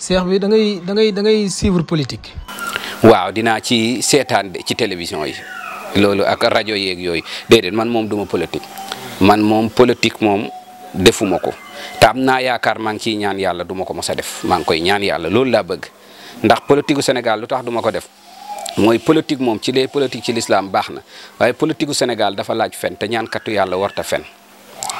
seex bi da ngay da ngay da ngay politique. waaw dinaa ci seetaan ci télévision yi loolu ak rajo yeeg yooyu déedéet man moom duma politique man moom politique moom defuma ko te am naa yaakaar maa ngi ciy ñaan yàlla duma ko mos a def maa ngi koy ñaan yàlla loolu laa bëgg ndax politique gu Sénégal lu tax duma ko def. mooy politique moom ci le politique ci l'islam baax na waaye politique gu Sénégal dafa laaj fen ñaan ñaankatu yàlla warta fen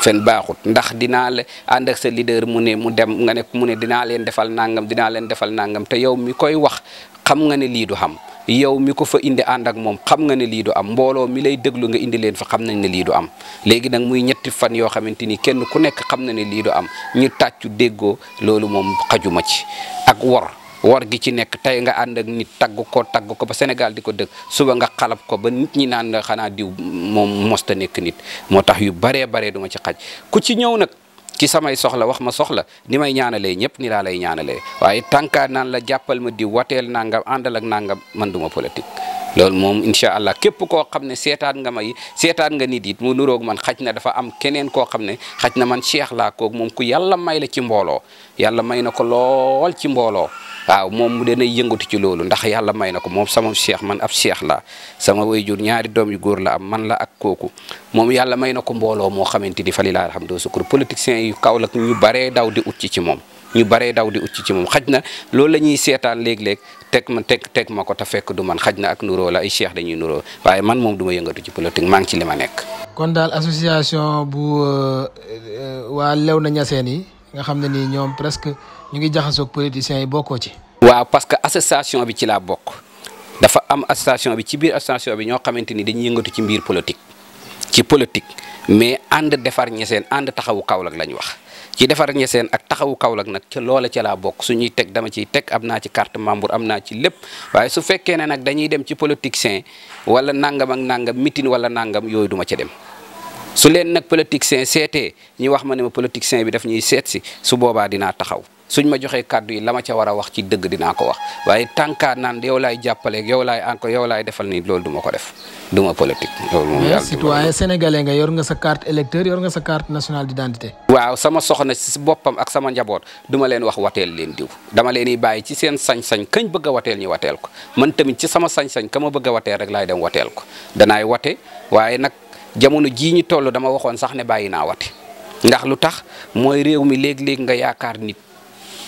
fen baaxut ndax dinaa la ànd ak sa leader mu ne mu dem nga ne mu ne dinaa leen defal nangam dinaa leen defal nangam yow mi koy wax xam nga ne lii du xam yow mi ko fa indi ànd ak moom xam nga ne lii du am mbooloo mi lay déglu nga indi leen fa xam nañ ne lii du am léegi nag muy ñetti fan yoo xamante ni kenn ku nekk xam na ne lii du am ñu tàccu déggoo loolu moom xajuma ci ak wor war gi ci nekk tey nga ànd ak nit tagg ko tagg ko ba Sénégal di ko dëkk suba nga xalab ko ba nit ñi naan la xanaa diw moom mosta nekk nit moo tax yu baree baree duma ci xaj ku ci ñëw nag ci samay soxla wax ma soxla ni may ñaanalee ñëpp ni laa lay ñaanalee waaye tànkaa naan la jàppal ma diw wateel nangam àndal ak nangam man duma politique loolu moom incha allah képp koo xam ne seetaan nga may seetaan nga nit it mu nuroog man xaj na dafa am keneen koo xam ne xaj na man cheikh laa koog moom ku yàlla may la ci mbooloo yàlla may na ko lool ci mbooloo waaw moom mu danay yëngatu ci loolu ndax yàlla may na ko moom sama cheikh man ab cheikh la sama wayjur ñaari doom yu góor la am man la ak kooku moom yalla may na ko mbooloo moo xamante ni fali laa alhamdu sukur politiciens yu kaw la ñu baree daw di ut ci ci moom ñu daw di ut ci ci moom xaj na lool la ñuy seetaan léeg-léeg teg ma teg teg ma ko ta fekk du man xaj na ak nuroo la ay da dañuy nuroo waaye man moom du ma yëngatu ci politique maa ngi ci li ma nekk kon daal association bu euh, euh, waa Léona Niassène yi nga xam ne nii ñoom presque ñu ngi jaxasoog politiciens yi bokkoo ci. waaw parce que association bi ci laa bokk dafa am association bi ci biir association bi ñoo xamante ni dañuy yëngatu ci mbir politique ci politique mais ànd defar ñeseen ànd taxawu Kaolack lañ wax ci defar ñeseen ak taxawu Kaolack nag ca loola ca laa bokk suñuy teg dama ciy teg am naa ci carte membre am naa ci lépp waaye su fekkee ne nag dañuy dem ci politicien wala nangam ak nangam mitin wala nangam yooyu duma ca dem. su leen nag politicien seetee ñu wax ma ne ma politicien bi daf ñuy seet si su boobaa dinaa taxaw suñ ma joxee kàddu yi la ma war a wax ci dëgg dina ko wax waaye tànkaa naan yow laay jàppale yow laay encore yow laay defal nii loolu duma ko def du ma politique. loolu moom yàlla citoyen sénégalais nga yor nga sa carte électeur yor nga sa carte nationale d'identité. waaw sama soxna si boppam ak sama njaboot du leen wax wateel leen diw dama leen di bàyyi ci seen sañ-sañ kañ bëgg a wateel ñu wateel ko man tamit ci sama sañ-sañ ma bëgg a rek laay dem wateel ko danaay wate jamono jii ñu toll dama waxoon sax ne bàyyi naa wate ndax lu tax mooy réew mi léeg-léeg nga yaakaar nit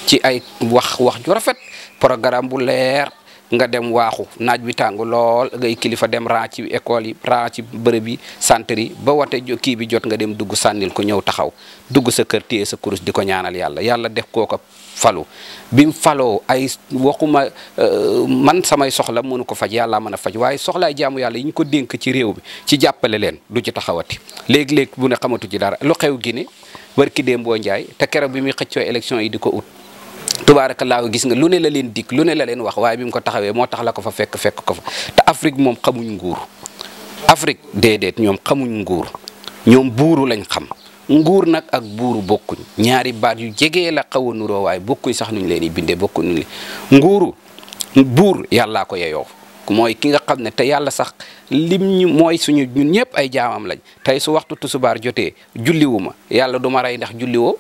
ci ay wax wax ju rafet programme bu leer nga dem waaxu naaj bi tàng lool ngay kilifa dem ran ci école yi ran ci bërëb yi centre yi ba wate kii bi jot nga dem dugg sànnil ko ñëw taxaw dugg sa kër téye sa kurus di ko ñaanal yàlla yàlla def kooka falu bi mu faloo ay waxuma euh, man samay soxla mënu ko faj yàlla mën a faj waaye soxlaay jaamu yàlla yi ñu ko dénk ci réew bi ci jàppale leen du ci taxawati léegi-léegi bu ne xamatu ci dara lu xew Guinée ki déem boo njaay te keroog bi muy xëccoo élection yi di ko ut tubaarakallaahu gis nga lu ne la leen dikk lu ne la leen wax waaye bi mu ko taxawee moo tax la ko fa fekk fekk ko fa te Afrique moom xamuñ nguur Afrique déedéet ñoom xamuñ nguur ñoom buuru lañ xam nguur nag ak buur bokkuñ ñaari baat yu jege la xaw nuroo waaye bokkuñ sax nuñ leen di bindee bokkuñ li nguuru buur yàllaa ko yeyoo mooy ki nga xam ne te yàlla sax lim ñu mooy suñu ñun ñëpp ay jaamam lañ tey su waxtu tusubaar jotee julliwu ma yàlla du ma rey ndax julliwoo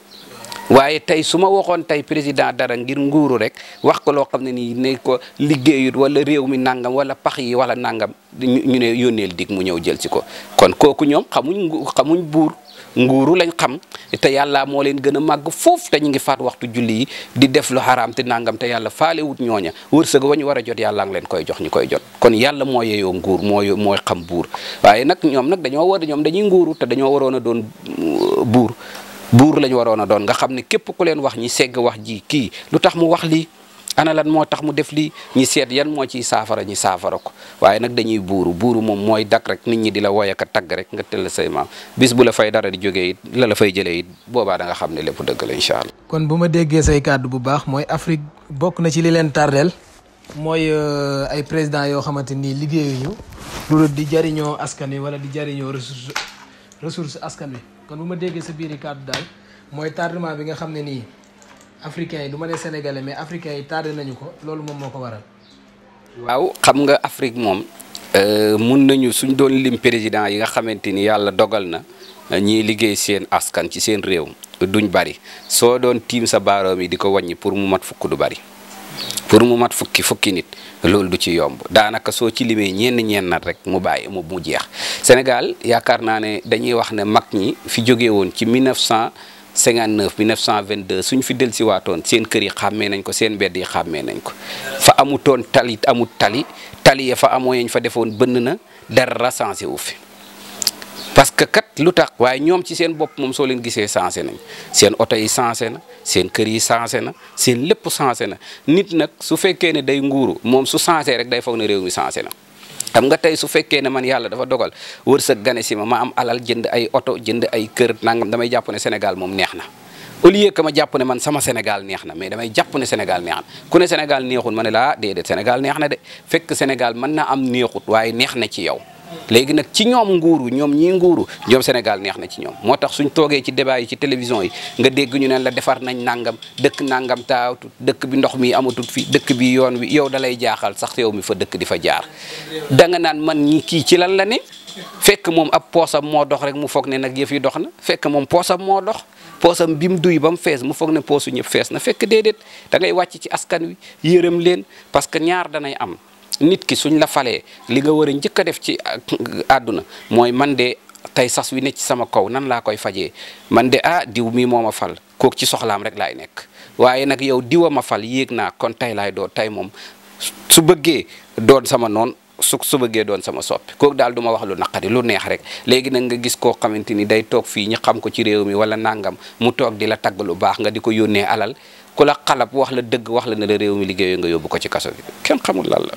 waaye tey su ma waxoon tey président dara ngir nguuru rek wax ko loo xam ne nii ne ko liggéeyut wala réew mi nangam wala pax yi wala nangam ñu ne yónneel dig mu ñëw jël si ko kon kooku ñoom xamuñ xamuñ buur nguuru lañ xam te yàlla moo leen gën a màgg foofu te ñu ngi faat waxtu julli yi di def lu xaraam te nangam te yàlla faale wut ñooña wërsëg wa ñu war a jot yàlla ngi leen koy jox ñu koy jot kon yàlla moo yeyoo nguur mooy mooy xam buur waaye nag ñoom nag dañoo war ñoom dañuy nguuru te dañoo waroon a doon uh, buur buur lañ waroon a doon nga xam ne képp ku leen wax ñi segg wax jii kii lu tax mu wax lii ana lan moo tax mu def lii ñi seet yan moo ciy saafara ñi saafara ko waaye nag dañuy buuru buuru moom mooy dak rek nit ñi di la wooyaka tagg rek nga tëll say maam bis bu la fay dara di jógee it la la fay jëlee it boobaa da nga xam ne lépp dëgg la incha allah. kon bu ma déggee say kàddu bu baax mooy Afrique bokk na ci li leen tardeel mooy euh, ay président yoo xamante nii liggéeyuñu lu di jariñoo askan wi wala di jariñoo ressource ressource askan wi. kon bu ma déggee sa biiri kàddu daal mooy tardement bi nga xam ne nii africains yi du ma ne sénégalais mais africains yi tardé nañu ko loolu moom moo ko waral. waaw xam nga Afrique moom. Euh, mun nañu suñ doon lim président yi nga xamante ni yàlla dogal na euh, ñiy liggéey seen askan ci seen réew duñ bari soo doon tiim sa baaroom yi di ko wàññi pour mu mat fukk du bari. pour mu mat fukki fukki nit loolu du ci yomb daanaka soo ci limee ñenn ñennat rek mu bàyyi mu mu jeex Sénégal yaakaar naa ne dañuy wax ne mag ñi fi jóge woon ci 1959 1922 suñ fi dellusi waatoon seen kër yi xàmmee nañ ko seen mbedd yi xàmmee nañ ko fa amutoon tali amut tali tali ya fa amoo yañ fa defoon bënn na dara recensé wu parce que kat lu tax waaye ñoom ci seen bopp moom soo leen gisee sensé na seen oto yi sensé na seen kër yi sensé na seen lépp sensé na nit nag su fekkee ne day nguuru moom su sensé rek day foog ne réew mi sensé na. xam nga tey su fekkee ne man yàlla dafa dogal wërsëg gane si ma ma am alal jënd ay oto jënd ay kër nangam damay jàpp ne Sénégal moom neex na. au lieu que ma jàpp ne man sama Sénégal neex na mais damay jàpp ne Sénégal neex na ne Sénégal neexul ma ne laa ah, déedéet Sénégal neex na de fekk Sénégal mën na am neexut waaye neex na ci yow. léegi nag ci ñoom nguuru ñoom ñii nguuru ñoom Sénégal neex na ci ñoom moo tax suñ toogee ci débat yi ci télévision yi nga dégg ñu ne la defar nañ nangam dëkk nangam taawtut dëkk bi ndox mi amatut fi dëkk bi yoon wi yow da lay jaaxal sax yow mi fa dëkk di fa jaar da nga naan man ñi kii ci lan la ne fekk moom ab poosam moo dox rek mu foog ne nag yëf yi dox na fekk moom poosam moo dox poosam bi duy ba mu fees mu foog ne poosu ñëpp fees na fekk déedéet da ngay wàcc ci askan wi yërëm leen parce que ñaar danay am nit ki suñ la falee li nga war a njëkk a def ci àdduna mooy man de tey sas wi ne ci sama kaw nan laa koy fajee man de ah diw mii moom a fal kook ci soxlaam rek laay nekk waaye nag yow diwa ma fal yéeg naa kon tey laay doo tey moom su bëggee doon sama noon su su bëggee doon sama soppi kooku daal du ma wax lu naqari lu neex rek léegi nag nga gis koo xamante ni day toog fii ñu xam ko ci réew mi wala nangam mu toog di la tagg lu baax nga di ko yónnee alal ku la xalab wax la dëgg wax la ne la réew mi liggéeyoo nga yóbbu ko ci kaso bi kenn xamul lan la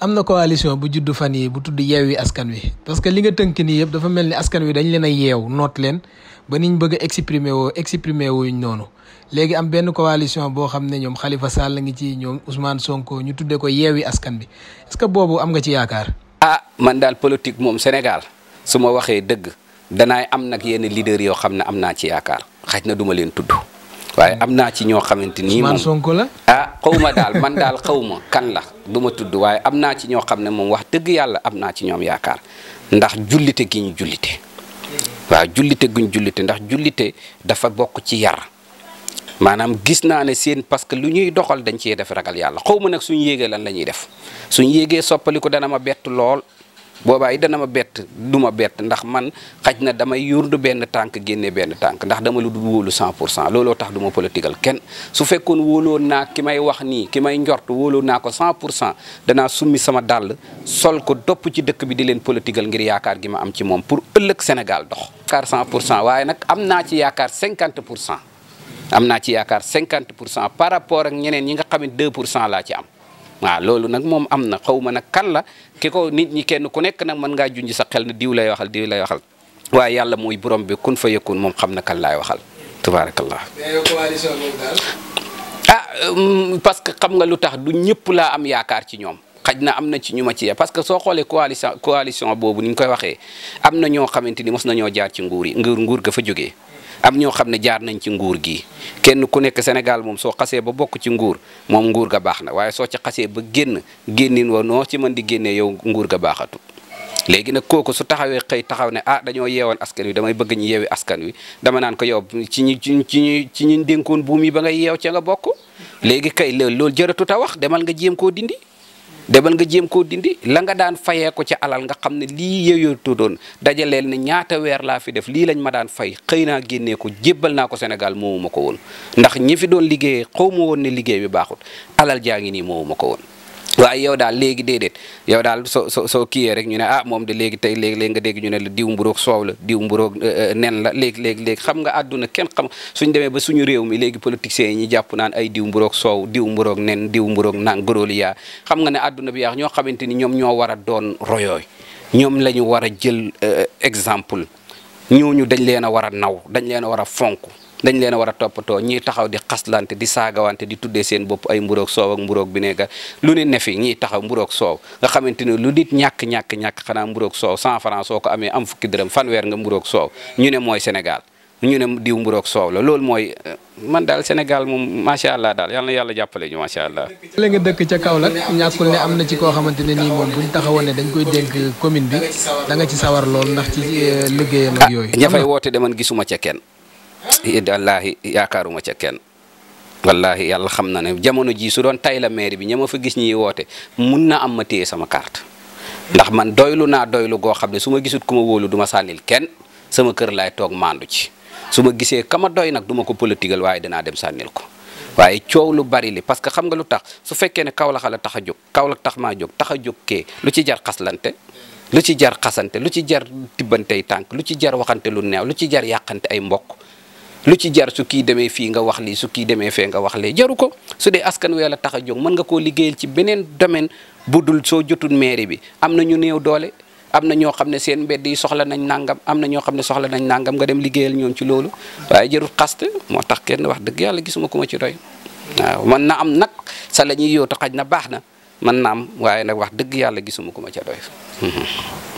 am na coalition bu juddu fan yi bu tudd yeewi askan wi parce que li nga tënk nii yëpp dafa mel ni askan wi dañ leen a yeew noot leen ba niñ bëgg a exprimer woo exprimer wuñ noonu léegi am benn coalition boo xam ne ñoom Khalifa Sall ngi ci ñoom Ousmane Sonko ñu tuddee ko yeewi askan bi est que boobu am nga ci yaakaar. a ah, man daal politique moom Sénégal su ma waxee dëgg danaay am nag yenn leader yoo xam ne am naa ci yaakaar xaj na duma leen tudd waaye xaw ma daal man daal xaw ma kan la du ma tudd waaye am naa ci ñoo xam ne moom wax dëgg yàlla am naa ci ñoom yaakaar ndax jullite gi ñu jullite waaw jullite guñ jullite ndax jullite dafa bokk ci yar maanaam gis naa ne seen parce que lu ñuy doxal dañ cee def ragal yàlla xaw ma nag suñ yéegee lan la ñuy def suñ yéegee soppaliku dana ma bett lool boobaa yi dana ma bett du ma bett ndax man xaj na damay yurdu benn tànk génne benn tànk ndax dama lu dul wóolu 100 pour cent looloo tax du ma politikal kenn su fekkoon wóoloon naa ki may wax ni ki may njort wóoloon naa ko 100 pour cent danaa summi sama dàll sol ko dopp ci dëkk bi di leen politikal ngir yaakaar gi ma am ci moom pour ëllëg Sénégal dox. yaakaar 100 pour cent waaye nag am naa ci yaakaar 50 pour cent am naa ci yaakaar 50 pour par rapport ak ñeneen ñi nga xam ne 2 pour cent laa ci am. waaw loolu nag moom am na xaw ma nag kan la ki ko nit ñi kenn ku nekk nag mën ngaa junj sa xel na diw lay waxal diw lay waxal waaye yàlla mooy borom bi kun fa yëkkun moom xam na kan laay waxal tabaarakallah ah parce que xam nga lu tax du ñëpp laa am yaakaar ci ñoom xaj na am na ci ñu ma ci yee parce que soo xoolee coalition coalition boobu ni ñu koy waxee am na ñoo xamante ni mos na ñoo jaar ci nguur yi nguur nguur ga fa jógee am ñoo xam ne jaar nañ ci nguur gi kenn ku nekk Sénégal moom soo xasee ba bokk ci nguur moom nguur ga baax na waaye soo ci xasee ba génn génnin wa noo ci mën di génnee yow nguur ga baaxatu léegi nag kooku su taxawee xëy taxaw ne ah dañoo yeewoon askan wi damay bëgg ñu yeewi askan wi dama naan ko yow ci ñu ci ñu ci ñu dénkoon buum yi ba ngay yeew ca nga bokk léegi kay loolu jëratu ta wax demal nga jéem koo dindi demal nga jéem koo dindi la nga daan fayee ko ci alal nga xam ne lii yeyoo tuddoon dajaleel ne ñaata weer laa fi def lii lañ ma daan fay xëy naa génnee ko jébbal naa ko Sénégal moomu ma ko woon ndax ñi fi doon liggéeyee xaw ma woon ne liggéey bi baaxut alal jaa ngi nii moomu ma ko woon waaye yow daal léegi déedéet yow daal so soo soo kiiyee rek ñu ne ah moom de léegi tey léegi nga dégg ñu ne la diw mburoog soow la diw mburoog euh, euh, nen la léegi léegi léegi xam nga àdduna kenn xam suñ demee ba suñu réew mi léegi politiciens yi ñu jàpp naan ay diw mburoog soow diw mburoog nen diw mburoog naan góróoli yaa xam nga ne àdduna bi yaa ñoo xamante ni ñoom ñoo war a doon royooy ñoom la ñu war a jël euh, exemple ñooñu dañ leen a war a naw dañ leen a war a fonk dañ leen a war a toppatoo ñiy taxaw di xaslante di saagawante di tuddee seen bopp ay mburoog soow ak mburoog bineegar lu ne ne fi ñiy taxaw mburoog soow nga xamante ne lu nit ñàkk ñàkk ñàkk xanaa mburoog soow 100 francs soo ko amee am fukki fan weer nga mburoog soow ñu ne mooy Sénégal ñu ne diw mburoog soow la loolu mooy euh, man daal Sénégal moom macha allah daal yal na yàlla jàppale ñu macha allah. la dëkk ca Kaolack ñàkkul ne am na ci koo xamante ne nii moom bu ñu taxawoon ne dañ koy dénk commune bi da nga ci sawar lool ndax ci euh, ak yooyu. Ah, ña woote de gisuma ca kenn wallaahi yaakaaruma ca kenn wallaahi yàlla xam na ne jamono jii su doon tay la maire bi ñama fa gis ñiy woote mun na am ma téye sama carte ndax man doylu naa doylu goo xam ne su ma gisut ku ma wóolu du ma sànnil kenn sama kër laay toog maandu ci su ma gisee kama doy nag duma ko politigal waaye dinaa dem sànnil ko waaye coow lu bari li parce que xam nga lu tax su fekkee ne Kaolack tax a jóg Kaolack tax maa jóg tax a jóg kee lu ci jar xaslante lu ci jar xasante lu ci jar tibbantey tànk lu ci jar waxante lu neew lu ci jar yàqante ay mbokk lu ci jar su kii demee fii nga wax lii su kii demee fee nga wax lee jaru ko su dee askan wi la tax a jóg mën nga koo liggéeyal ci beneen domaine bu dul soo jotul mairie bi am na ñu néew doole am na ñoo xam ne seen mbedd yi soxla nañ nangam am na ñoo xam ne soxla nañ nangam nga dem liggéeyal ñoom ci loolu waaye jarul xaste moo tax kenn wax dëgg yàlla gisuma ko ma ci doy waaw mën na am nag sa la ñuy xaj na baax na mën na am waaye nag wax dëgg yàlla gisuma ko ma ca doy